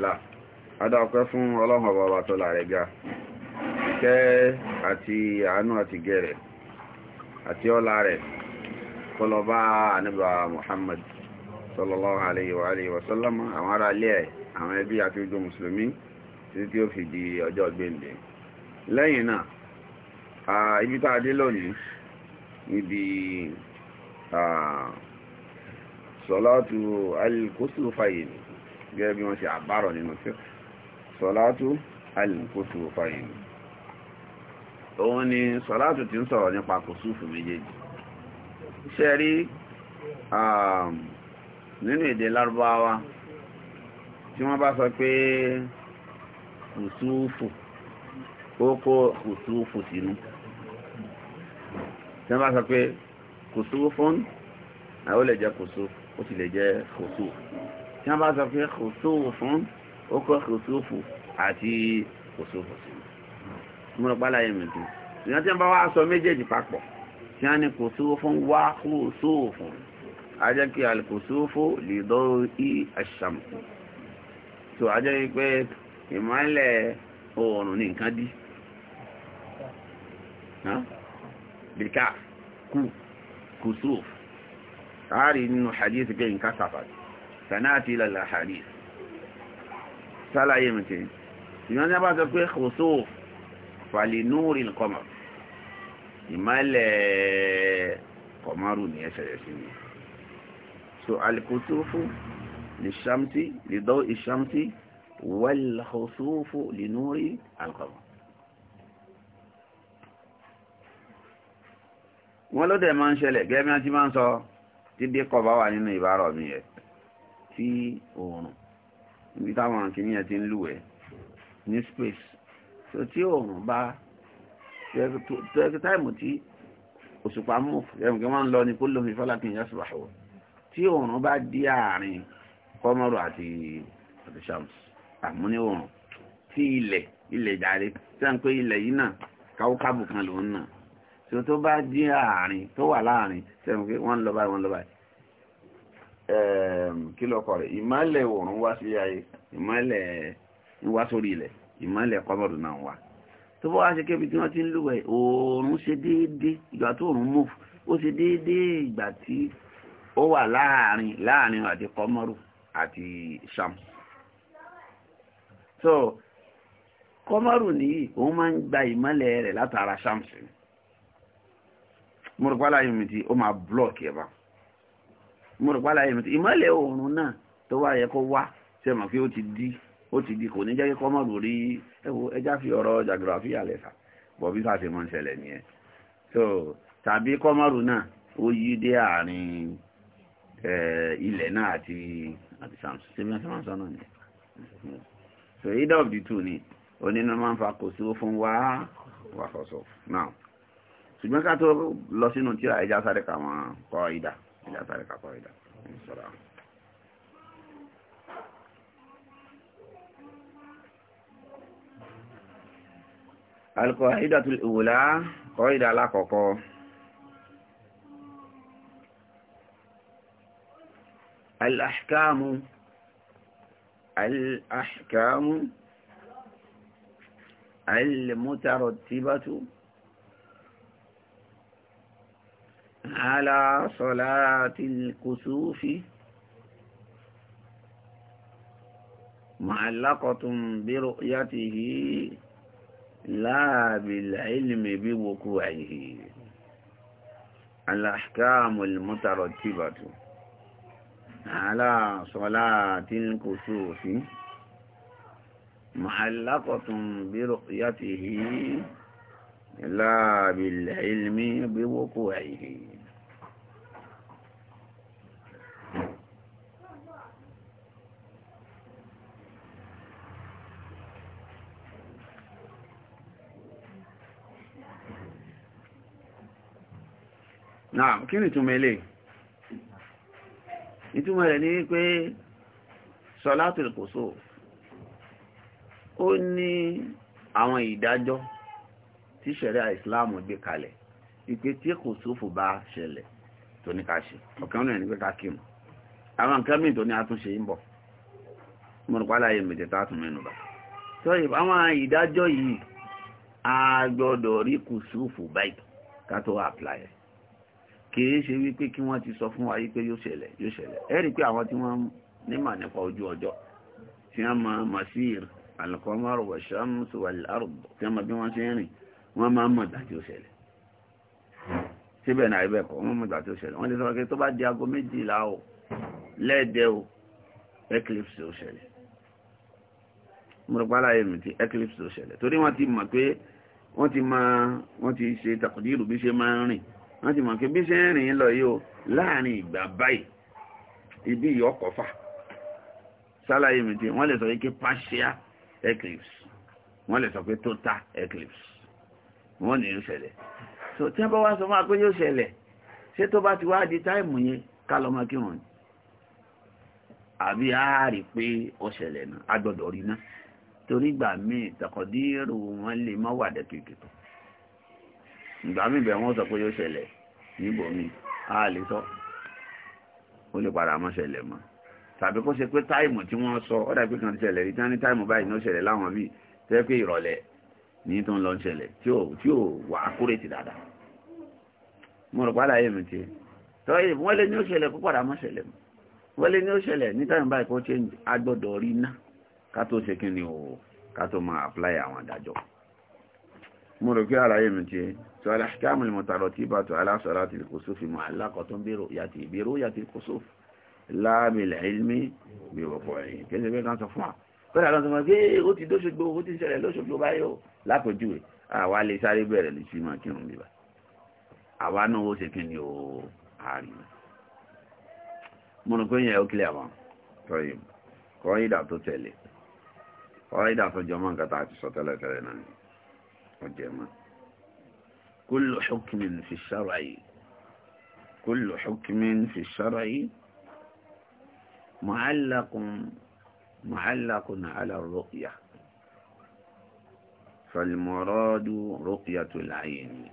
alhamdulillah adáwọ̀pẹ́ fún ọlọ́run ọba tó láàrẹ ga kẹ́ àti àánú àti gẹ̀rẹ̀ àti ọlá rẹ̀ kọlọba ànábì Muhammad sallallahu alayhi wa sallam àwọn ará ilé ẹ̀ àwọn ẹbí àti ojú mùsùlùmí títí tí ó fi di ọjọ́ gbẹ̀ǹdẹ̀ lẹ́yìn náà ibi a dé lónìí níbi sọlátù alìkóṣù fàyè ni gẹ́gẹ́ bí wọ́n ṣe àbárọ̀ nínú tí sọ́látù alìkóso fàyìn òun ni sọ́látù ti ń sọ̀rọ̀ nípa kùsùfù méjèèjì ṣe rí nínú èdè lárúbáwá tí wọ́n bá sọ pé kùsùfù ó kó kùsùfù sínú tí wọ́n bá sọ pé kùsùfù ó lè jẹ́ kùsùfù ó sì lè jẹ́ kùsùfù tí wọ́n bá sọ pé kòsóòfù fún ó kọ́ kòsóòfù àti kòsóòfù sí i mo rọ pálá yẹn mi dùn ìyẹn tí wọ́n bá wá sọ méjèèjì papọ̀ tí wọ́n ní kòsóòfù fún wá kòsóòfù ajẹ́ kí alìkòsóòfù lè dọ́rọ̀ í àṣàmù tó ajẹ́ pé ìmọ̀lẹ̀ oòrùn ní nǹkan dí bìkà kù kòsóòfù láàrin nínú hadith pé nǹkan sàfàdì sanáàtì ilẹ̀ àhàrí sálàyé mìtì ìyọ́n ní a bá sọ pé kòsó falinúrin kọmọ̀ ìmọ́lẹ̀ kọmọrù ní ẹsẹ̀rẹ̀ sí ni so alikusufu lè ṣamtí lè dọ́ ìṣamtí wàlhùsúfù lè núrí alkọmọ̀ wọ́n ló dẹ̀ máa ń ṣẹlẹ̀ gẹ́gẹ́ bí máa ń sọ tí kọ bá wà nínú ìbárọ̀ mi yẹ sí oòrùn níbi táwọn kìnìyàn ti ń lúwẹ̀ ní space so tí oòrùn bá tẹ́kítáìmù tí òṣùpá mú ẹ̀mùkẹ́ wọ́n ń lọ ní kóló mi fọ́lá kìnìyàn sọ̀rọ̀ àwọ̀ tí oòrùn bá dí àárín kọ́mọ́rù àti àti shams àmúní oòrùn tí ilẹ̀ ilẹ̀ jàre tí wọ́n ń pè yìí náà káwọ́kábù kan lòún náà tí ó tó bá dí àárín tó wà láàárín tẹ́mùkẹ́ wọ́n lọ báyìí wọ́n lọ báyìí Ehm, kílọ̀kọ̀ rẹ̀ ìmálẹ̀ òòrùn wá sí ayé ìmálẹ̀ wá sórí ilẹ̀ ìmálẹ̀ kọ́mọ̀dù náà wá tó bá wá ṣe kébi tí wọ́n ti ń lúwẹ̀ òòrùn ṣe déédé ìgbà tó òòrùn mú ó ṣe déédé ìgbà tí ó wà láàrin láàrin àti kọ́mọ̀rù àti sam so kọ́mọ̀rù nìyí òun máa gba ìmálẹ̀ rẹ̀ látara mo rò pálá yìí mi ti ó máa ẹ̀ mo rò pálá yẹn ìmọ́lẹ̀ oòrùn náà tó wá yẹ kó wá ṣe mọ̀ pé ó ti di ó ti di kò ní jẹ́ kíkọ́ mọ̀ lórí ẹ̀wọ̀ ẹja fi ọ̀rọ̀ jàgìràfí àlẹ́sà bọ̀bí sáà mọ̀ ń nìyẹn so tàbí kọ́mọ̀rù náà ó yí dé àárín ilẹ̀ náà àti àti samson ṣe bí wọ́n ṣe nìyẹn so either of the two ni onínú máa ń fa kò sí ó fún wa wà fọ́sọ̀ now ṣùgbọ́n ká tó lọ sínú tí ẹja sáré kà wọ́n kọ́ ìdá. من آثار العقائدة الصلاة القاعدة الأولى قاعدة لا كوكو الأحكام الأحكام المترتبة على صلاة الكسوف معلقة برؤيته لا بالعلم بوقوعه الأحكام المترتبة على صلاة الكسوف معلقة برؤيته لا بالعلم بوقوعه Naam, kí ni ìtumọ̀ ilé? Ìtumọ̀ rẹ̀ ní pé Salatul Kusuf, ó ní àwọn ìdájọ́ tí ṣẹ̀ríà ìsìláàmù gbé kalẹ̀ ìpè tí kò sófò bá ṣẹlẹ̀ tó ní ká ṣe ọ̀kan náà ní pé ká kírun àwọn nǹkan míì tó ní àtúnṣe ń bọ̀ mo rò pálá yìí mẹ̀tẹ̀ẹ̀ta tún mẹ́nu bá tó yìí àwọn ìdájọ́ yìí a gbọ́dọ̀ rí kò sófò báyìí ká tó apply kìí ṣe wípé kí wọ́n ti sọ fún wa wípé yóò ṣẹlẹ̀ yóò ṣẹlẹ̀ ẹ rí i pé àwọn tí wọ́n nímọ̀ nípa ojú ọjọ́ tí wọ́n mọ̀ masir alqamar wa shamsu wal ard tí wọ́n mọ̀ bí wọ́n ṣe ń rìn wọ́n máa ń mọ̀ ìgbà tí ó ṣẹlẹ̀ síbẹ̀ náà ibẹ̀ kọ́ wọ́n mọ̀ ìgbà tí ó ṣẹlẹ̀ wọ́n ti sọ pé tó bá di aago méjìlá o lẹ́ẹ̀dẹ́ o eclipse ó ṣẹlẹ̀ mo rò mi ti eclipse ó ṣẹlẹ̀ torí wọ́n ti mọ̀ pé wọ́n ti máa wọ́n ti ṣe tàkùdírù bí ṣe máa ń rìn wọ́n ti mọ̀ pé bí ṣe ń rìn lọ yìí o láàrin ìgbà báyìí ibi ìyọkọ̀ fà sálàyé mi ti wọ́n lè sọ pé partial eclipse wọ́n lè sọ pé total eclipse wọ́n ní yóò so tí wọ́n bá wá sọ máa pé yóò ṣẹlẹ̀ ṣé tó bá ti wá di táìmù yẹn ká lọ máa kírun ni àbí a rí pé ó ṣẹlẹ̀ náà a gbọ́dọ̀ rí náà torí ìgbà míì tọkọdírù wọn lè má wà dẹ́kẹ̀kẹ̀ ìgbà míì bẹ̀rẹ̀ wọ́n sọ pé yóò ṣẹlẹ̀ níbo mi a lè sọ ó lè padà má ṣẹlẹ̀ mọ́ tàbí kó ṣe pé táìmù tí wọ́n sọ ó dàbí kan ti ṣẹlẹ̀ rí ní táìmù báyìí ní ó ṣẹlẹ̀ láwọn bíi tẹ́ pé ìrọ̀lẹ́ ní tó ń lọ ṣẹlẹ̀ tí ò tí ò wà ákúrẹ́tì dáadáa mo rò pàdà yìí mi tiẹ̀ tọ́ yìí wọ́n lé ní ó ṣẹlẹ̀ púpọ̀ dà mọ́ ṣẹlẹ̀ mọ́ wọ́n lé ní ó ṣẹlẹ̀ ní táyọ̀ báyìí kó ṣe agbọ́dọ̀ rí ná ká tó ṣe kíni o ká tó máa apply àwọn àdájọ́ mo rò pé ara yìí mi tiẹ̀ tó al-ahkamu al-mutaratiba ala salati al-kusufi mu'allaqatun bi ru'yati bi ru'yati al-kusufi la bil ilmi bi wuqu'i kódà lọ́sọ̀ mọ̀ pé ó ti dóṣogbo ó ti ṣẹlẹ̀ lóṣogbo báyọ̀ lápòjúwe àwa lè sáré bẹ̀rẹ̀ lè símọ̀ kírun bíbá àwa náà ó ṣe kí ni ó àárín mo rò pé yẹn ó kílẹ̀ àwọn tọ́yìn kọ́ ìdà tó tẹ̀lé kọ́ ìdà tó jọmọ́ nǹkan tá a ti sọ tẹ́lẹ̀ tẹ́lẹ̀ náà ni ó jẹ mọ́ kullu hukmin fi shar'i kullu hukmin fi shar'i mu'allaqun معلق على الرؤية فالمراد رؤية العين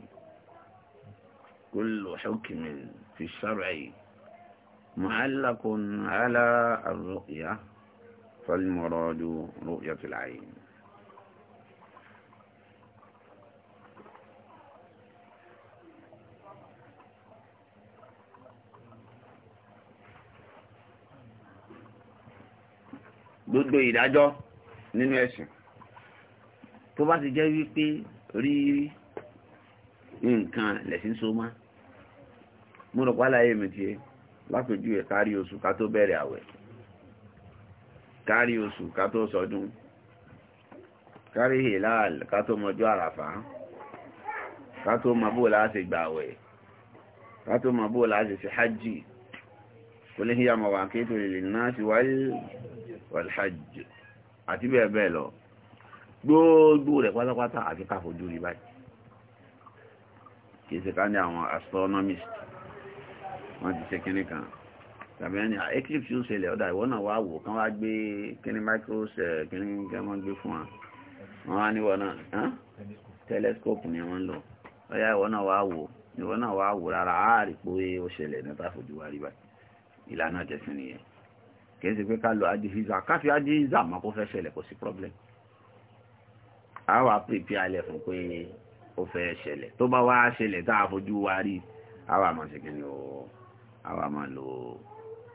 كل حكم في الشرع معلق على الرؤية فالمراد رؤية العين gbogbo ìdájọ́ nínú ẹ̀sìn tó bá ti jẹ́ wípé rírí nǹkan lẹ̀sìn so má mo rò bere mi tiẹ̀ lápèjú ẹ̀ kárí oṣù ká tó bẹ̀rẹ̀ àwẹ̀ kárí oṣù ká tó sọdún kárí hilal ká tó mọjọ́ àràfà ká tó mọ bó láti ká tó mọ bó láti ṣe hajj والحج àti bẹ́ẹ̀ bẹ́ẹ̀ lọ gbogbo rẹ̀ pátápátá àti káfojú rí báyìí kìí ṣe ká ní àwọn astronomist wọ́n ti ṣe kíní kan tàbí ẹni eclipse ń ṣẹlẹ̀ ọ̀dà ìwọ náà wá wò kán wá gbé kíní micros eh, kíní kí wọ́n gbé fún wa wọ́n wá níwọ̀ náà telescope ni wọ́n ń lò ọ̀yá náà wá wò ìwọ náà wá wò rárá àárí pé ó ṣẹlẹ̀ ní táfojú wa rí báyìí ìlànà jẹ́sìn nìyẹn kìí se pé ká lọ adìhíza káfí adìhíza máa kó fẹ́ ṣẹlẹ̀ kò sí problem a wà pèpè alẹ̀ fún pé ó fẹ́ ṣẹlẹ̀ tó bá wá ṣẹlẹ̀ tá a fojú wa rí a wà máa ṣe kíni o a wà máa lò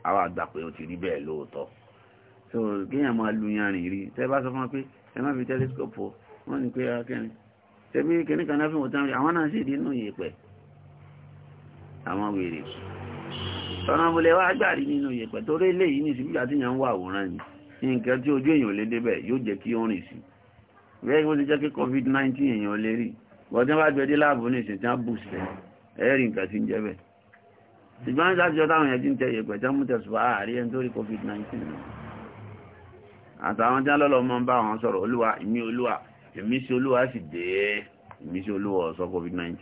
a wà gbà pé ó ti rí bẹ́ẹ̀ lóòótọ́ so kéèyàn máa lu yanrìn rí tẹ́ bá sọ fún wa pé ẹ má fi telescope o wọ́n ní pé akẹ́rin tẹ́bí kìnnìkan náà fi wọ́n tán rí àwọn náà sì rí inú àwọn wèrè ọ̀nà mo lè wá gbàrí nínú yẹ̀pẹ̀ torí eléyìí ní ìsìnkú tí yàn wà àwòrán ni nǹkan tí ojú èèyàn lé débẹ̀ yóò jẹ́ kí ó rìn sí bẹ́ẹ̀ wọ́n ti jẹ́ kí covid-19 èèyàn lè rí wọ́n tí wọ́n bá gbé dé láàbù ní ìsìn tí wọ́n bù sẹ́ ẹ̀rí nǹkan tí ń jẹ́ bẹ̀ ṣùgbọ́n ní sáfíjọ́ táwọn èèyàn ti ń tẹ yẹ̀pẹ̀ tí wọ́n mú tẹ̀sùn ah, àárí ẹni tó rí covid-19 àtàwọn tí wọ́n lọ́lọ́ mọ́ ń bá wọn sọ̀rọ̀ olúwa ìmí olúwa ìmísí covid-19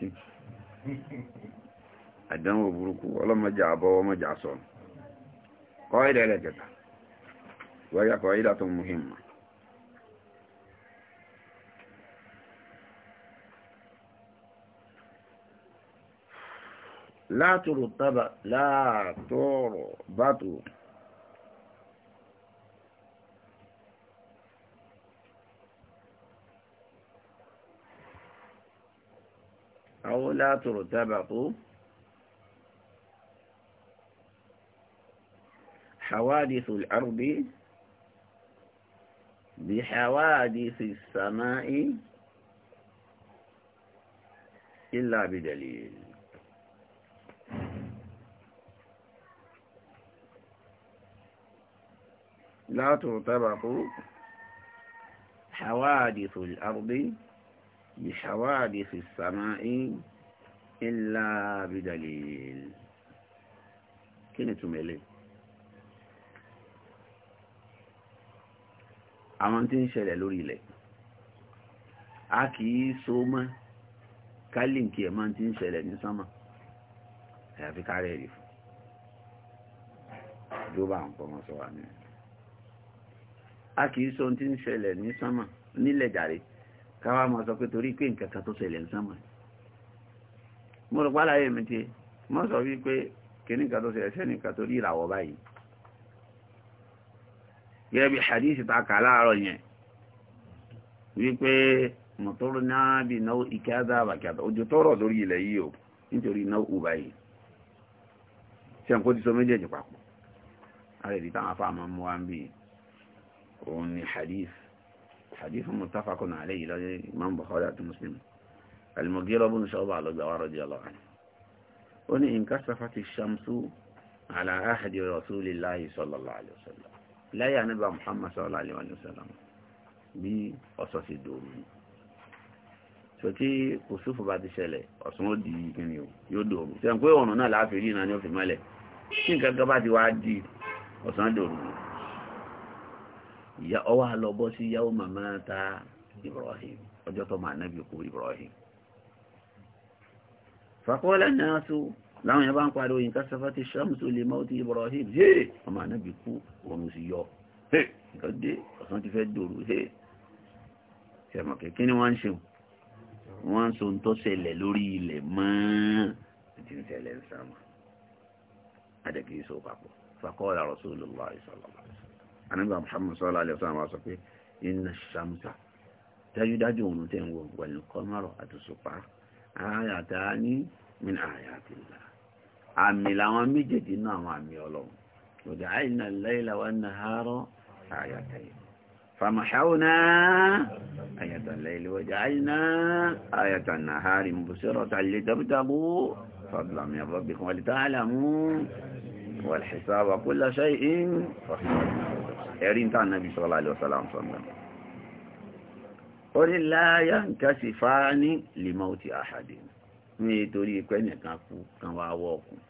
àdánwò burúkú ọlọ́mọjà àbọ́wọ́ mọ́jà sọ kọ́ ìdá ẹlẹ́kẹta wáyà kọ́ ìdá tó muhimma látòrò tábà látòrò bátò àwọn látòrò tábà tó. حوادث الأرض بحوادث السماء إلا بدليل لا ترتبط حوادث الأرض بحوادث السماء إلا بدليل كنتم إليه àwọn tí ń ṣẹlẹ̀ lórí ilẹ̀ a kì í so mọ́ kálíǹkì ẹ̀ máa ti ń ṣẹlẹ̀ ní sánmà àyàfi kárẹ̀ rí fún ló bá ń pọ́n sọ wà ní a kì í so tí ń ṣẹlẹ̀ ní sánmà nílẹ̀ jàre káwá máa sọ pé torí pé nǹkan kan tó ṣẹlẹ̀ ní sánmà mo rò pálá yẹn mi ti mọ́ sọ wípé kìnnìkan tó ṣẹlẹ̀ sẹ́nìkan tó rí ìràwọ̀ báyìí gẹ́gẹ́ bí hadith ta kà láàárọ̀ yẹn wípé mọ̀tọ́rọ̀ náà bí náà ike azáàbà kẹta ojú tọ́rọ̀ lórí ilẹ̀ yìí o nítorí náà ùbá yìí ṣe n kó ti sọ méjèèjì papọ̀ alẹ́dí táwọn afá máa ń mú wa ń bì òun ni hadith hadith muttafaqun alayhi lọ́jọ́ imam bukhari àti muslim al-Mughira ibn Shu'ba lọ́gbà wa radiyallahu anhu ó ní inkasafati shamsu ala ahdi rasulillahi sallallahu alayhi wa sallam láyé àníbà Muhammad sallallahu alaihi wa sallam bí ọ̀sọ̀ sí dòrò so tí kò bá ti ṣẹlẹ̀ ọ̀sán ó di o yóò dòrò ṣe ń pé náà láàfin rí iná ní òfin mọ́lẹ̀ tí nǹkan kan bá ti wá di ọ̀sán dòrò ìyá ọwọ́ sí màmá ta Ibrahim ọjọ́ tó máa láwọn yẹn bá ń pariwo nǹkan sọfẹ́ ti ṣọ́mùsù lè mọ́ ti Ibrahim hé ọmọ ànábì kú òun sì yọ hé nǹkan dé ọ̀sán ti fẹ́ dòrò hé ṣẹ̀mọ̀ kékeré ni wọ́n ń ṣe wọ́n ń so ń tó ṣẹlẹ̀ lórí ilẹ̀ mọ́ ti ń ṣẹlẹ̀ ń sàmà adẹ́kì yìí papọ̀ faqala Rasulullah sallallahu alaihi wasallam anábì Muhammad sallallahu alaihi wasallam sọ pé inna shamsa dájúdájú òun tẹ̀ ń wọ wal qamara àti sùpá ní min ayati àmì làwọn méjèèjì náà àwọn àmì ọlọ́run lòdì àìnà lẹ́yìnlá wà ní àárọ̀ àyàtàyè fàmàṣáwùná àyàtà lẹ́yìnlá wọ́dì àìnà àyàtà nàárì mùsùlùmí tàlé dábúdábú fàbùlàmì àbọ̀bìkan wà lítà àlàmú wà lẹ́sàbà kó lọ́ṣẹ́ in ẹ̀rí ta nàbí sọ́lá àlẹ́ ọ̀sálà ọ̀sánà ní torí pẹ́ nìkan kú kan wá wọ ọkùn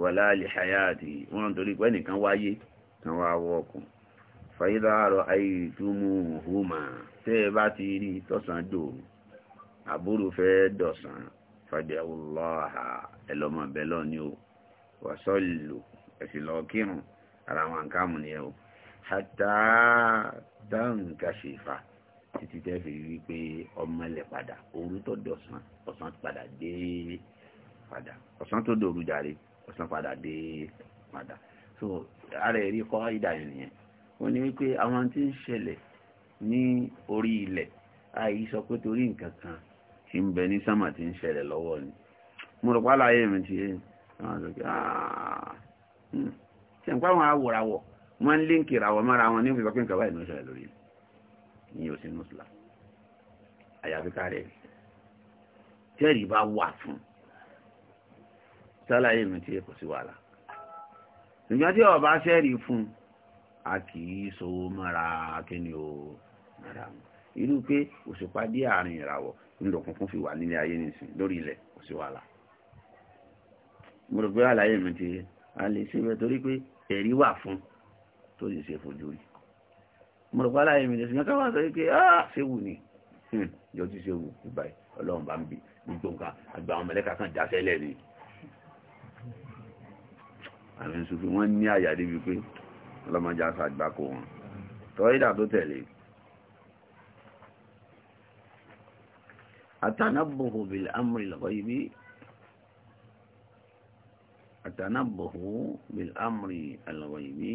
wàlá lè hayáàtì wọ́n torí pẹ́ nìkan wáyé kan wá wọ ọkùn fàyíláàrọ̀ àìtúmù hùmà tẹ́ ẹ bá ti rí tọ́sán dòru àbúrò fẹ́ dọ̀sán fàdíàwòlọ́ha ẹlọ́mọ̀bẹ́lọ́ ni ó wàsọ́lù ẹ̀sìn kírun ara wọn kàmù ni ẹ hàtà dáhùn kàṣìfà títí tẹ́ fi rí pé ọmọ ilẹ̀ padà òru tó di ọ̀sán ọ̀sán padà dé padà ọ̀sán tó di òru jàre ọ̀sán padà dé padà so ara ẹ̀rí kọ́ ìdàyẹ̀ nìyẹn ó ní wípé àwọn tí ń ṣẹlẹ̀ ní orí ilẹ̀ àì sọ pé torí nǹkan kan tí ń bẹ ní sámà tí ń ṣẹlẹ̀ lọ́wọ́ ni mo rò pálá ayé mi ti ṣe ń pa àwọn awòràwọ̀ wọ́n ń líǹkì ìràwọ̀ mọ́ra wọn ní ìfìsọ́pẹ́ nǹkan báyìí ló ń ṣẹlẹ̀ lórí ilẹ̀ ní òsínú islam àyàfi kárẹ̀ tẹ́rì bá wà fún sálàyé mi tí kò sí wàhálà ṣùgbọ́n tí ọba sẹ́rì fún a kì í sowó mọ́ra kíni o mọ́ra mọ́ irú pé òṣùpá dé àárín ìràwọ̀ ńlọkùnkùn fi wà nílé ayé nìsín lórí ilẹ̀ kò sí wàhálà mo rò pé àlàyé mi ti a lè ṣe bẹ́ẹ̀ torí pé ẹ̀rí wà fún tó lè ṣe fojú rí mọ̀lùpàá yìí mìíràn ṣùgbọ́n káwọn sọ hmm, àwọn ìṣòfin wọ́n ní àyà débi pé ọlọ́mọjà wọn tọ́ídà tó tẹ̀lé àtànàbòhò bil amri al-ghaybi àtànàbòhò bil amri al-ghaybi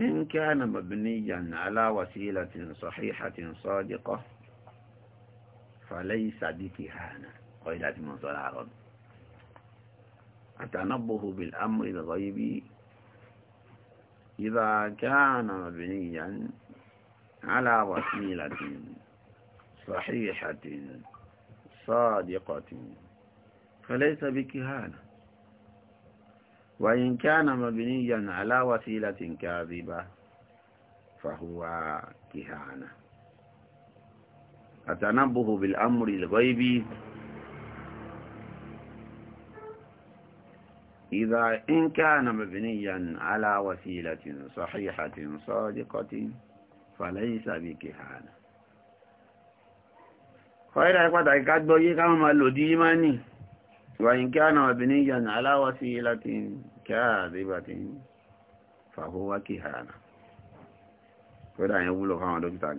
إن كان مبنيا على وسيلة صحيحة صادقة فليس بكهانة قيلة من صلى العرب التنبه بالأمر الغيبي إذا كان مبنيا على وسيلة صحيحة صادقة فليس بكهانة وإن كان مبنيا على وسيلة كاذبة فهو كهانة التنبه بالأمر الغيبي إذا إن كان مبنيا على وسيلة صحيحة صادقة فليس بكهانة خير أكبر أكاد بوجي كما وإن كان مبنيا على وسيلة كاذبة فهو كهانة kódà yẹn wúlò fáwọn dókítà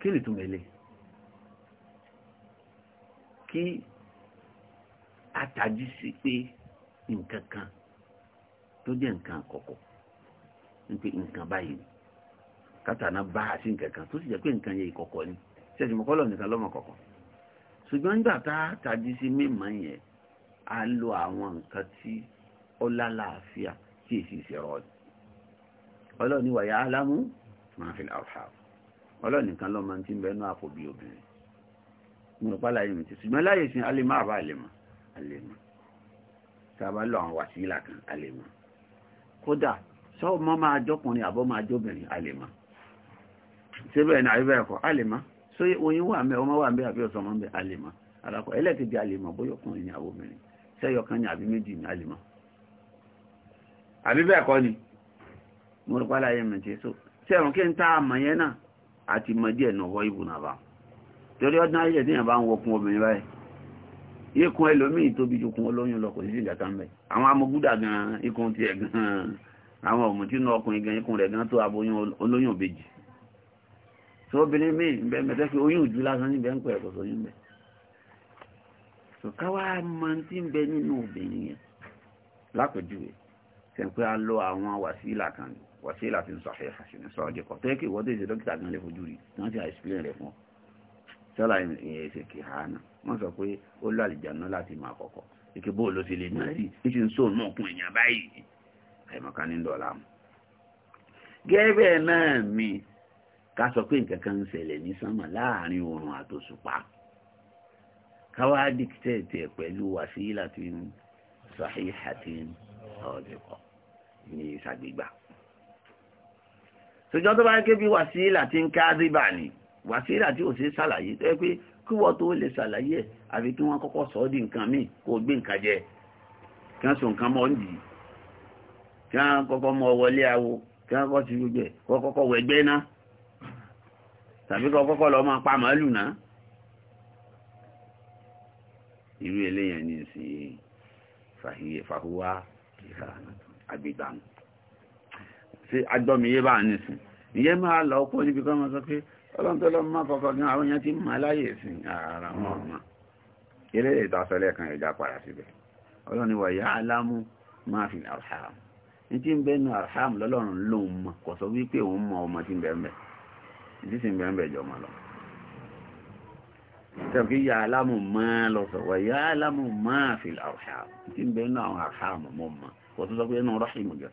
kí lè tún mẹ́lẹ̀ kí àtàjí sí pé nǹkan kan tó jẹ́ nǹkan àkọ́kọ́ ní pé nǹkan báyìí kátàná bá a sí nǹkan kan tó sì jẹ́ pé nǹkan yẹ ìkọ̀kọ̀ ni ṣẹ́sì mọ́kọ́lọ̀ nìkan lọ́mọ kọ̀kọ̀ ṣùgbọ́n nígbà tá a tàjí sí mímọ́ yẹn a lo àwọn nǹkan tí ó lálàáfíà èsì ìṣẹ̀rọ̀ ọlọ́ọ̀ni wàyà álámú máa fi lọ́ọ́ ọlọ́run nìkan lọ́mọ tí ń bẹ nú àpòbí obìnrin mo pa láyé mi ti ṣùgbọ́n láyé sin a lè má àbá àlè mọ́ àlè mọ́ tá a bá lọ àwọn wàsílà kan àlè mọ́ kódà sọ́ọ̀ mọ́ máa jọkùnrin àbọ̀ máa jóbìnrin àlè mọ́ síbẹ̀ ní àríwá ẹ̀kọ́ àlè mọ́ so oyin wà mẹ́ ọmọ wà mẹ́ àbí ọ̀sán mọ́ mẹ́ àlè mọ́ alákọ̀ ẹlẹ́kejì àlè mọ́ bóyá sẹ́rùn kí n ta àmọ̀ yẹn náà àti mọ díẹ̀ náà wọ́ ìbùnà bá torí ọdún ayé tí yàn bá ń wọkun obìnrin báyìí ikùn ẹlòmíì tóbi ju kun olóyún lọ kò sí sí ìgbàta mẹ àwọn amogúdà gan ikùn tiẹ̀ gan àwọn ọmọtínú ọkùnrin gan ikùn rẹ̀ gan tó aboyún olóyún òbejì tí obìnrin míì ń bẹ mẹtẹ pé oyún ìjú lásán níbẹ̀ ń pẹ ẹkọ sóyún bẹ káwá máa ti ń bẹ nínú obìnrin yẹn lápẹjùwe sẹ pé a lọ àwọn wàsílà kan ni wasila ti ń sọ àṣẹ àṣẹ sọ ọdẹ kọ tẹ́kì wọ́n tẹ́ ṣe dókítà gan lè fojú rí wọ́n ti àìsílẹ̀ rẹ̀ fún ọ sọ́la ìyẹn ṣe kì á nà wọ́n sọ pé ó lọ àlìjáná láti máa kọ̀kọ̀ ike bó ló ti lè máa rí ní ti ń sọ òun ọkùnrin èèyàn báyìí àìmọ̀ká ní dọ̀la mu. gẹ́gẹ́ náà mi ká sọ pé nǹkan kan ń ṣẹlẹ̀ ní sánmà láàrin oòrùn àtòṣùpá káwá dìkítẹ̀ẹ̀tì ẹ̀ pẹ̀lú ṣùgbọ́n tó bá ń ké bí wàsílà tí ń ká ríbà ni wàsílà tí ò sí ṣàlàyé tó yẹ pé kí wọ́n tó lè ṣàlàyé ẹ̀ àfi kí wọ́n kọ́kọ́ sọ ọ́ di nǹkan míì kó gbé nǹkan jẹ kí wọ́n so nǹkan mọ́ ń dì í kí wọ́n kọ́kọ́ mọ wọlé awo kí wọ́n kọ́kọ́ ti gbogbo kọ́ kọ́kọ́ wẹ̀gbẹ́ ná tàbí kọ́ kọ́kọ́ lọ máa pa màálù ná irú eléyàn ní ìsìn fàhíyè fàhúwá àgbègbàmù sí agbọ́mìyé bá nìsìn ìyẹn máa lọ pọ̀ níbi kọ́ mọ́ sọ pé ọlọ́ntọ́lọ́ máa kọ́kọ́ gan àwọn èèyàn ti máa láyè sí ara wọn ọmọ eré ìtàsọ́lẹ̀ kan ìjà padà síbẹ̀ ọlọ́ni wà yá alámú máa fi arham ní tí ń bẹ́ nu arham lọ́lọ́run lóun mọ̀ kò sọ wípé òun mọ ọmọ tí ń tẹ̀kí yà alámù máa lọ sọ wà máa fi arham tí ń bẹ́ àwọn arham mọ́ mọ́ kò tó sọ pé inú rọ́ṣìmù gan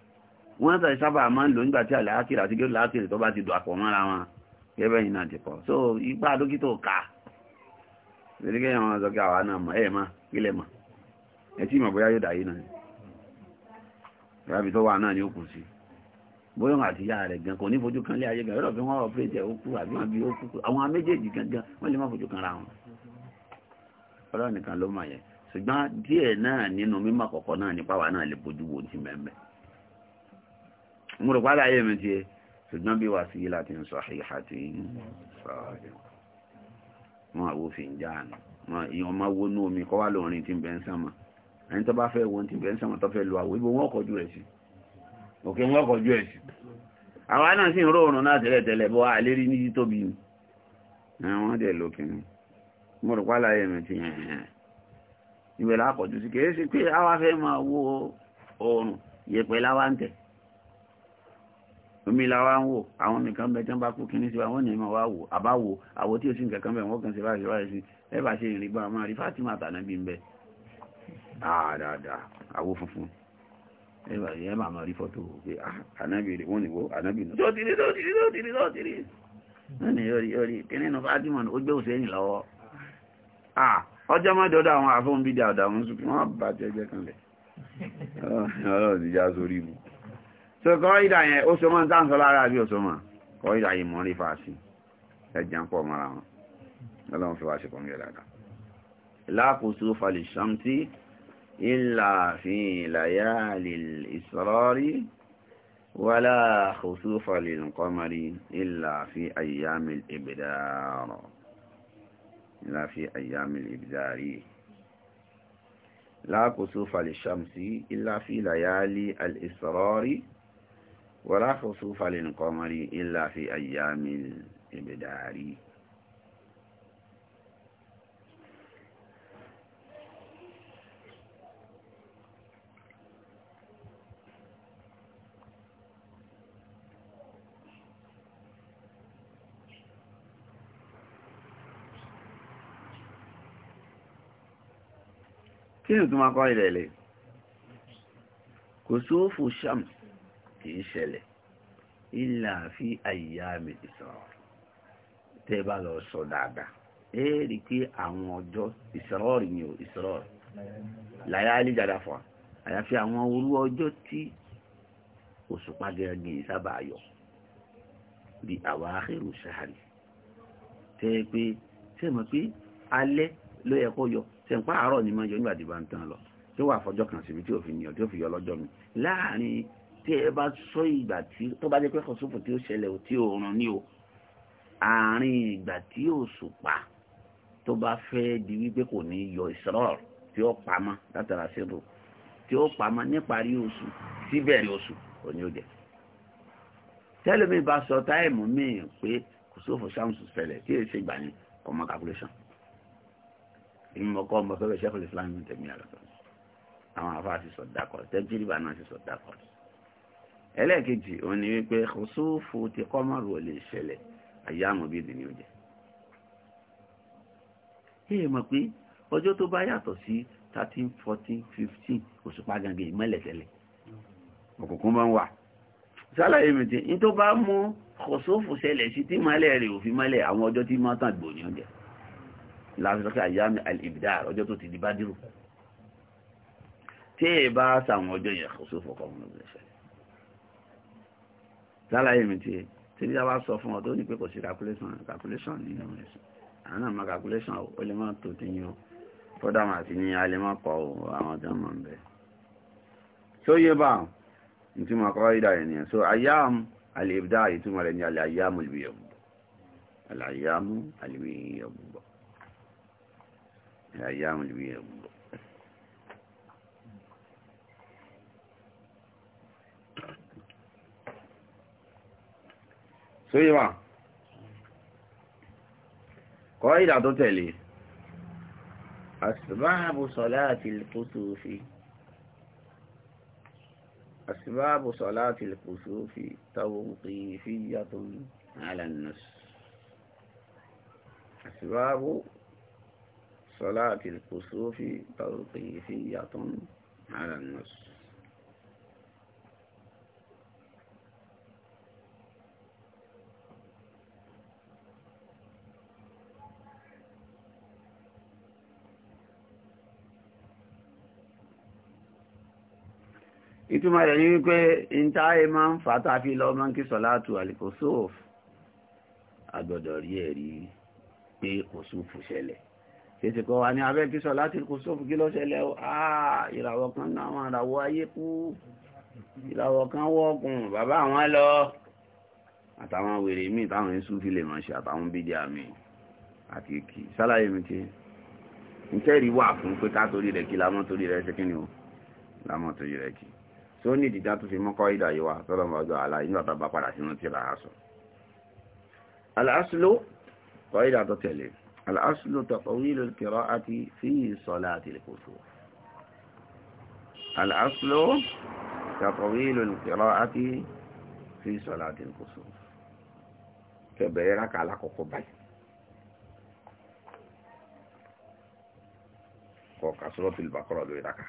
wọ́n tàbí sábà máa ń lò nígbà tí àlàákìrì àti gẹ́rù láàkìrì tó bá ti dò àpọ̀ mọ́ra wọn gẹ́gẹ́ yìí náà ti pọ̀ so ipa dókítà ká ìrìkẹ́ àwọn ọ̀sọ́kẹ́ àwa náà mọ̀ ẹ̀ má kílẹ̀ mọ̀ ẹ̀ tí mọ̀ bóyá yóò dàyé náà rábì tó wà náà ni ó kù sí bóyá wọn àti ìyá rẹ̀ gan kò ní fojú kan lé ayé gan yọ̀rọ̀ fi wọ́n ọ̀pẹ́rẹ́tì ẹ̀ ó kú àbí wọn bí ó kú àwọn méjèèjì gangan wọ́n lè má fojú kan ra wọn ọlọ́run nìkan ló mọ̀ yẹn ṣùgbọ́n mo rò pàdé ayé mi tiẹ̀ ṣùgbọ́n bí wàá sí yìí láti ń sọ àyíká tí ń sọ ọ̀rọ̀ wọn àwòfin jáàánù wọn èèyàn máa wọnú omi kọ́ wá lórin tí ń bẹ́ ń sánmà ẹni tó bá fẹ́ wọn tí ń bẹ́ ń sánmà tó fẹ́ lu àwọ̀ ibo wọn kọjú ẹ̀ sí òkè wọn kọjú ẹ̀ sí àwa náà sì ń róòrùn náà tẹ́lẹ̀tẹ́lẹ̀ bọ́ àlérí ní títóbi ni wọ́n dẹ̀ lókè ni mo rò pàdé ayé mi ti ìbẹ̀lẹ̀ àkọ́jú sí kìí ṣe pé àwa fẹ́ máa wo oòrùn yẹpẹ̀ láwa ń tẹ̀ omi la wá ń wò àwọn nìkan bẹ tán bá kú kí ní sí àwọn ènìyàn wá wò àbáwò àwọ tí ó sì nǹkan bẹ̀ wọ́n kàn sí báyìí báyìí sí ẹbà ṣe ìrìn ah, bá máa rí Fátímà tàná bí ń bẹ dáadáa àwọ funfun ẹbà yẹn máa máa rí fọ́tò pé ah, ànábì rẹ̀ wọ́n ni wọ́n ànábì nù. lọ́tìrí lọ́tìrí lọ́tìrí lọ́tìrí wọ́n ni yọrí yọrí kíní nu Fátímà ó gbé Hùsẹ́yìn lọ́wọ́ ah, ọjọ́ má dọ́dọ̀ àwọn àfọ́nbídà ọ̀dà wọn sùn kí wọ́n bàjẹ́ jẹ́ kan lẹ̀ ọlọ́run ti já sórí mu so kọ́ìdà yẹn ó so mọ́ ń tàǹsọ́ lára bí ó so mọ́ kọ́ìdà yìí mọ́ rí fàásí ẹjẹ́ ń pọ̀ mọ́ra wọn ọlọ́run fi wá sí pọ̀mí ẹ̀dàdà lákòóso falè ṣamtí ìlà fi ìlàyà ìsọ̀rọ̀rí wàlá kòóso falè nǹkọ́mọ́rí ìlà fi àyàmì ìbìdàrọ̀ ìlà fi àyàmì ìbìdàrí lákòóso falè ìlàyà ìsọ̀rọ̀rí ولا خسوف للقمر إلا في أيام الإبدار كيف تما قايل عليه كسوف الشمس ní ṣẹlẹ̀ ilà fi àyíyá mi ìsọ̀rọ̀ tẹ́ bá lọ sọ dáadáa ẹ rí i pé àwọn ọjọ́ ìsọ̀rọ̀ rí ni o ìsọ̀rọ̀ láyá alíjàdá fún wa àyàfi àwọn orú ọjọ́ tí òṣùpá gẹ́gẹ́ sábà yọ bí àwọn àhẹ́rù sáárì tẹ́ pé ṣe mọ̀ pé alẹ́ ló yẹ kó yọ ṣe ń pa àárọ̀ ni máa yọ nígbà tí bá ń tán lọ tí ó wà fọjọ́ kan síbi tí òfin yọ tí ó fi yọ lọ́jọ́ mi láàrin tí ẹ bá sọ ìgbà tí tó bá jẹ́ pé kọ̀sùfù tí ó ṣẹlẹ̀ ò tí oòrùn ní o àárín ìgbà tí òṣùpá tó bá fẹ́ di wípé kò ní yọ ìsọ̀rọ̀ tí ó pamọ́ látara síbò tí ó pamọ́ níparí oṣù síbẹ̀rẹ̀ oṣù òní òjẹ̀ tẹ́lẹ̀mí bá sọ táìmù míì pé kọ̀sùfù ṣàmùsù ṣẹlẹ̀ tí èsì ìgbà ni ọmọ calculation ìmọ̀kọ́ ọmọ fẹ́fẹ́ ṣẹ́fẹ́ lè fúlàní tẹ̀mí àlọ́ àwọn àfáà ti sọ̀ dákọ̀ tẹ́ńtìrì bá ti sọ̀ dákọ̀ ẹlẹ́ẹ̀kejì òun ni wípé kòsófò ti kọ́mọ̀rù ò lè ṣẹlẹ̀ ayé àmọ̀bíyèdè ni ó jẹ́ ẹ mọ̀ pé ọjọ́ tó bá yàtọ̀ sí thirteen fourteen fifteen òṣùpá gangan ìmọ́lẹ̀ tẹ́lẹ̀ òkùnkùn bá ń wà sálàyé mi ti ní tó bá mú kòsófò ṣẹlẹ̀ sí tí mọ́lẹ̀ rẹ̀ òfin mọ́lẹ̀ àwọn ọjọ́ tí máa tàn gbò ní ó jẹ́ àmì ìbìdá ọjọ́ tó ti di bá dúró tí ẹ bá sàwọn ọjọ́ yẹn kòsófò kọ́mọ̀rù ò ṣẹlẹ̀ sálàyé mi ti tíbi tá a bá sọ fún ọ tó ní pé kò sí calculation calculation nínú ẹ̀sìn àwọn náà mọ calculation ó lè má tó ti yín o kódà mà sí ní a lè má kọ o àwọn tó mọ̀ ń bẹ̀. tó yé bá ní tí mo kọ́ ìdá yẹn nìyẹn so ayam alibda ìtumọ̀ rẹ̀ ní alẹ́ ayamu alibiyọ̀ bọ̀ alẹ́ ayamu alibiyọ̀ bọ̀ alẹ́ ayamu alibiyọ̀ bọ̀. sóyè wà kọ́ ìdà tó tẹ̀lé asibáàbù sọ̀láàtì lùkùsùfì asibáàbù sọ̀láàtì lùkùsùfì tàwùkì fíyàtún alànàs asibáàbù sọ̀láàtì lùkùsùfì tàwùkì fíyàtún alànàs ìtumọ̀ rẹ̀ ní wípé ìntáyé máa ń fà tá fi lọ máa ń kí sọ̀látù àlìkòsóòf agbọ́dọ̀ rí ẹ̀rí pé kòsóòfù ṣẹlẹ̀ tètè kọ́ wa ní abẹ́ kí sọ̀látù kòsóòfù kí ló ìràwọ̀ kan náà àwọn ayé kú ìràwọ̀ kan wọ́ọ̀kùn bàbá àwọn lọ àtàwọn wèrè míì táwọn èsù fi lè máa ṣe àtàwọn bídí àmì àti kì sálàyé mi ti ń tẹ́rì wà fún pé ká torí rẹ̀ kí lámọ́ torí rẹ̀ ṣe kí ni o lámọ́ torí rẹ̀ kí tí ó ní ìdíjá tó fi mọ́kọ́ ìdà yíwa tọ́lọ́mọ̀ ọjọ́ àlà inú àtàbà padà sínú tí ra aṣọ aláṣìlò kọ́ ìdà tó tẹ̀lé aláṣìlò taqwilu al-qira'ati fi salati al-kusuf aláṣìlò taqwilu al-qira'ati fi salati al-kusuf kẹbẹ̀rẹ̀ rákà alákọ̀ọ́kọ́ báyìí kọ̀ọ̀kà suratul Baqara lórí rákà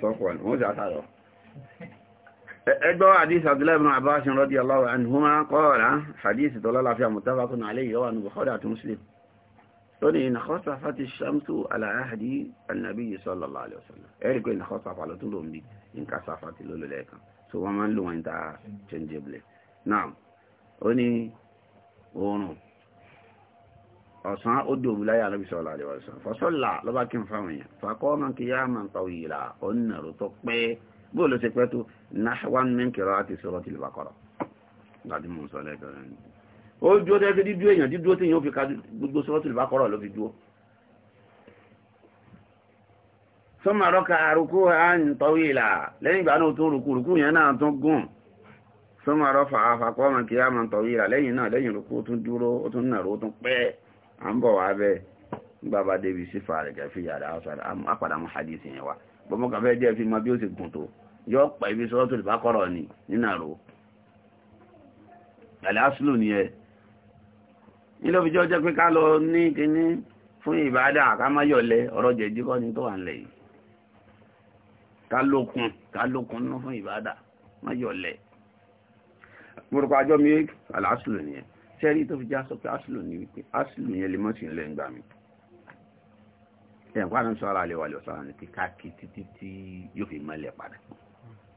sọ́kùn wọ́n sì àtàrọ̀ ẹgbọ́ àdís Abdullahi ibn Abbas radiyallahu anhuma qala hadith tó lálàáfíà muttafaqun alayhi wa ní Bukhari àti Muslim tó ní ìnàkọ́sà fàtí shamsu ala ahdi an-nabiy sallallahu alayhi wa sallam ẹ̀rí pé ìnàkọ́sà fà lọ́tún lòun bí nǹkan sáfàtì lólùlẹ̀ kan so wọ́n máa ń lò wọ́n ń ta ọ̀sán ó dòrú láyé ànábì sallallahu alaihi wasallam fọ́sọ́là lọ́bá kí n fáwọn èèyàn fàkọ́ọ̀mọ́ kí yá máa ń pa òyì là ó ń nàró tó pé bó ló ṣe pẹ́ tó náhwan min qira'ati suratil Baqara láti mú sọ lẹ́gbẹ̀rẹ́ ni ó dúró tẹ́tí dídú èèyàn dídúró tí yóò fi ka gbogbo suratil Baqara ló fi dúró sọ́mà rọ́ka àrùkú àyìn tọ́wí ìlà lẹ́yìn ìgbà náà tó tún rùkú à ń bọ̀ wá bẹ́ẹ̀ nígbà bá débi sífà rẹ̀ kẹfì yàrá ọ̀sọ̀rọ̀ àpàdà mú hadith yẹn wa bọ́mọ kan fẹ́ díẹ̀ fi mọ bí ó sì gùn tó yọ pẹ̀ ibi sọ́tò lè bá kọ́rọ̀ ni nínà ro àlẹ́ asúlù ni ẹ nílò fi jọ́ jẹ́ pé ká lọ ní kíní fún ìbádà ká má yọ̀lẹ ọ̀rọ̀ jẹ̀dí kọ́ ni tó wà nílẹ̀ yìí ká lókun ká lókun nú fún ìbádà má yọ̀lẹ. mo rò pé àjọ mi àlẹ́ ni ẹ sẹ́rí tó fi já sọ pé aṣìlò ní wípé aṣìlò sí ìgbà mi ẹ̀kọ́ àdúgbò sọ́ra àlewà lè sọ́ra ní kíkáàkì títí tí yóò fi mọ́lẹ̀ padà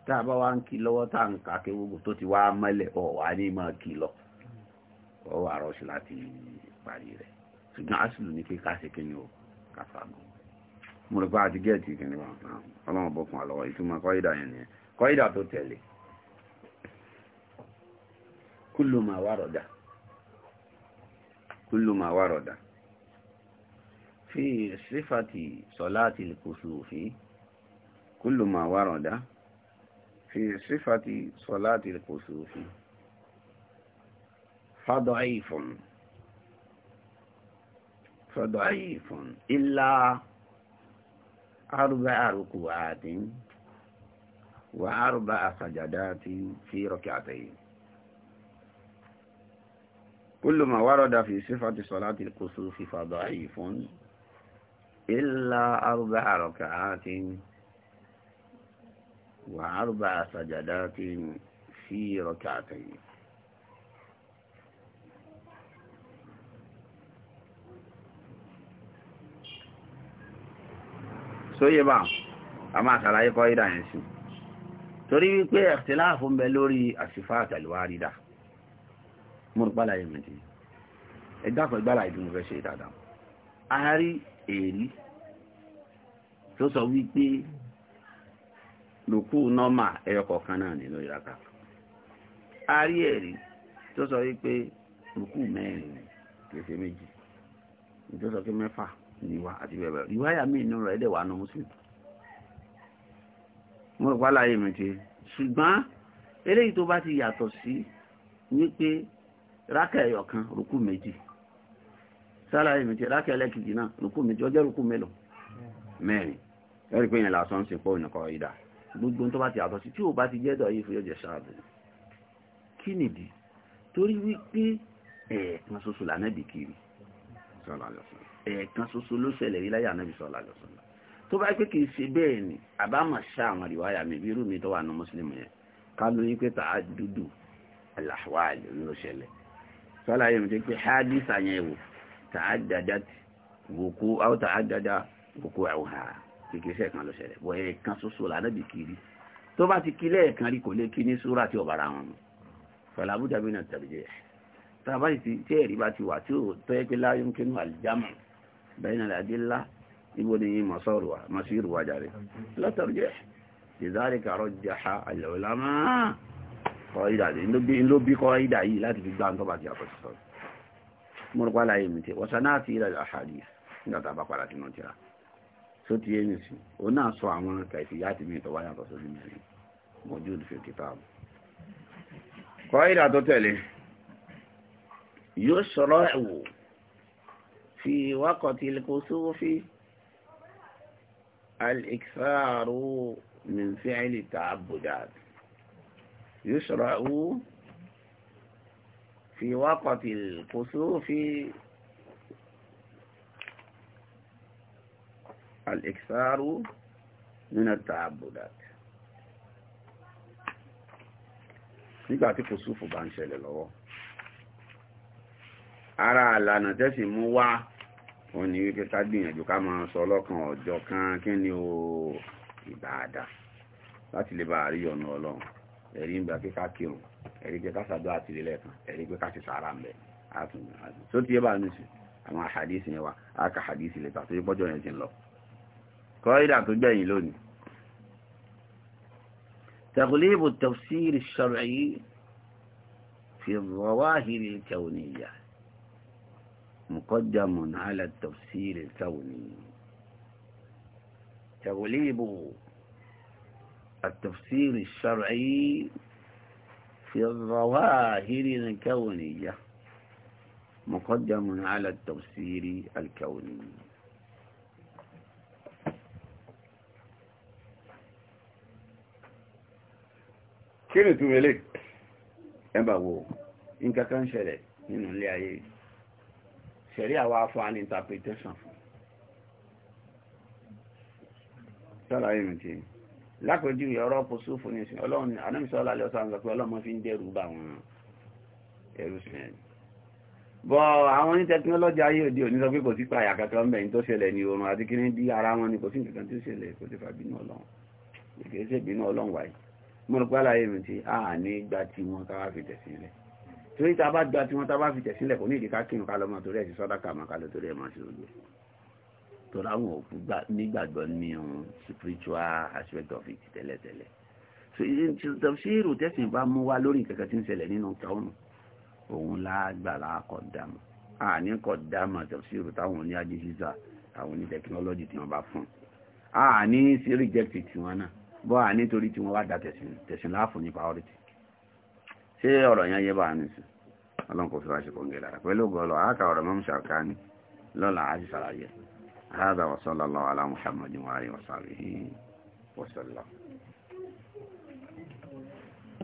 tá a bá wá ń kí lọ́wọ́ tá à ń kí gbogbo tó ti wá mọ́lẹ̀ ọ̀ wá ní máa kí lọ rọ́ọ̀ṣì láti parí rẹ̀ ṣùgbọ́n aṣìlò ní o gùn mo rò pé كل ما ورد في صفة صلاة الكسوف كل ما ورد في صفة صلاة الكسوف فضعيف فضعيف إلا أربع ركوعات وأربع سجدات في ركعتين كل ما ورد في صفة صلاة الكسوف فضعيف إلا أربع ركعات وأربع سجدات في ركعتين sóyè bá a máa ṣàlàyé kọ́ ìdáyẹ̀nsì torí wípé ẹ̀tìláàfún bẹ lórí àṣìfà àtàlùwárídà mọ́rùpálá yẹn mẹ́tí ẹgbàfẹ́ gbára ìdí mo fẹ́ ṣe dáadáa a rí èrí tó sọ wípé lòkú nọ́mà ẹyọkọ̀ọ̀kan náà nínú ìraka a rí èrí tó sọ wípé lòkú mẹ́rin kèsè méjì tó sọ pé mẹ́fà níwá àti bẹ́ẹ̀ bẹ́ẹ̀ ìwáyà míì nínú rẹ̀ dẹ̀ wà nù muslim mọ́rùpálá yẹn mẹ́tí ṣùgbọ́n eléyìí tó bá ti yàtọ̀ sí wípé rákẹ̀ ẹ̀yọ̀ kan rúkú méjì sálàyé mi ti rákẹ̀ ẹlẹ́kìtì náà rúkú méjì ọjọ́ rúkú mélòó mẹ́rin lórí pé yẹn lásán ń sìnkú òyìnbó ìdá gbogbo tó bá ti àtọ́sí tí ò bá ti jẹ́dọ̀ yìí fún yọjẹ̀ ṣáàbù kí nìdí torí wípé ẹ̀ẹ̀kan ṣoṣo lànàbì kiri ẹ̀ẹ̀kan ṣoṣo ló ṣẹlẹ̀ rí láyé ànàbì sọ̀lá lọ́sọ̀lá tó bá pé kìí ṣe bẹ́ẹ̀ ni àbámọ̀ ṣá àwọn àríwáyà mi bí irú mi tó wà ní mùsùlùmí yẹn ká lóyún pé tàá dúdú aláwáàlì ló ṣẹlẹ̀ sọ́lá yìí mú pé hadith àyẹn wò tààdàdà wòkó àwọn tààdàdà wòkó àwọn ha kékeré sẹ́ẹ̀kan ló ṣẹlẹ̀ bọ́ ẹ̀ kan ṣoṣo lànàbì kiri tó bá ti kí lẹ́ẹ̀kan rí kò lè kí ní súrà tí ọ̀bára wọn mu sọ́lá abújá bí náà tàbí jẹ́ tàbá ti tí ẹ̀rí bá ti wà tí ó tọ́ ẹ pé láyé kínú àlìjámù bẹ́ẹ̀ náà làdí ńlá ibo ni masọ́rùwà masírùwà jàre látàrí jẹ́ ìzárìkàrọ̀ jàha àlẹ́ kọ́ ìdà yìí ló bí kọ́ ìdà yìí láti fi gbá nǹkan bá ti àkọsí sọ̀rọ̀ mo rò pa láyé mi tẹ wọ́n sanáà ti ìlà àṣàlì nígbà tá a bá padà sínú tíra tó ti yéyìn sí o náà sọ àwọn kàìsì yá ti mi ìtọ́wá yàtọ̀ sójú mẹ́rin mojú ìfẹ́ kíta ààbò kọ́ tó tẹ̀lé yóò sọ̀rọ̀ ẹ̀wò fi wákọ̀tí kò sófì al-iksaaru min fi'li ta'abbudat يشرع في وقت الكسوف الإكثار من التعبدات nígbà tí kùsùfù bá ń ṣẹlẹ̀ lọ́wọ́ ara àlànà tẹ́sì mú wá wọn ni wípé ká gbìyànjú ká máa sọ ọlọ́kan ọjọ́ kan kí ni o ìbáadà láti lè bá àríyànú ọlọ́run ẹ̀rí ń bẹ pé ká kírun ẹ̀rí pé ká ṣàdúrà àti ilé kan ẹ̀rí pé ká ti sàárà ń bẹ àtún àtún tó tiẹ̀ bá ní sùn àwọn àhàdíìsì yẹn wa á ka àhàdíìsì lè ta pọ́jọ́ yẹn ti ń lọ. kọ́ídà tó gbẹ̀yìn lónìí. تغليب التفسير الشرعي في الظواهر الكونية مقدم على التفسير الكوني تغليب التفسير الشرعي في الظواهر الكونية مقدم على التفسير الكوني كنت ملك ان هو انك كان شريع من اللي هي شريع وعفو عن انتابيتشن سلام عليكم lápẹjú ọ̀rọ̀ pọ̀súfù ní ìsìn ọlọ́run anẹ́mìsọ́lá lọ́sàn sọ pé ọlọ́mọ fi ń dẹ́rù bá wọn ẹ̀rù sí ẹ̀rù bọ́ àwọn ní tẹkinọ́lọ́jì ayé òde òní sọ pé kò sí pààyà kankan mẹ́rin tó ṣẹlẹ̀ ní oorun àti kí ní bí ara wọn ni kò sí nǹkan tó ṣẹlẹ̀ kò sí fàbínú ọlọ́run kìí ṣe ìbínú ọlọ́run wáyé mo rò pé àlàyé mi ti a ní gba tí wọn ká wá fi tẹ̀ sílẹ̀ torí ta bá gba tí wọn ta bá fi tẹ̀ sílẹ̀ kò ní ìdíkà ká lọ́mọ torí àwọn òkú nígbàgbọ́ ní ohun spiritual aspect of it tẹ́lẹ̀tẹ́lẹ̀ so tafsiru tẹ́sìn bá mú wá lórí nǹkan kan tí ń ṣẹlẹ̀ nínú tọ́hún òun lágbàlá kọ̀dámà àní kọ̀dámà tafsiru táwọn oní ajíṣíṣà àwọn oní tẹkinọ́lọ́jì tí wọ́n bá fún àní sí reject tiwọn náà bọ́ àní torí tí wọ́n wá da tẹ̀sìn láàfún ní priority ṣé ọ̀rọ̀ yẹn yẹ bá a nìsín ọlọ́nkọ̀ fi wá ṣe kọ̀ǹgẹ̀ lára pẹ̀lú ògbọ́lọ̀ àákà ọ̀rọ̀ mọ́mùsàkà ni lọ́la àti sàlàyé هذا وصلى الله على محمد وعلى وصحبه وسلم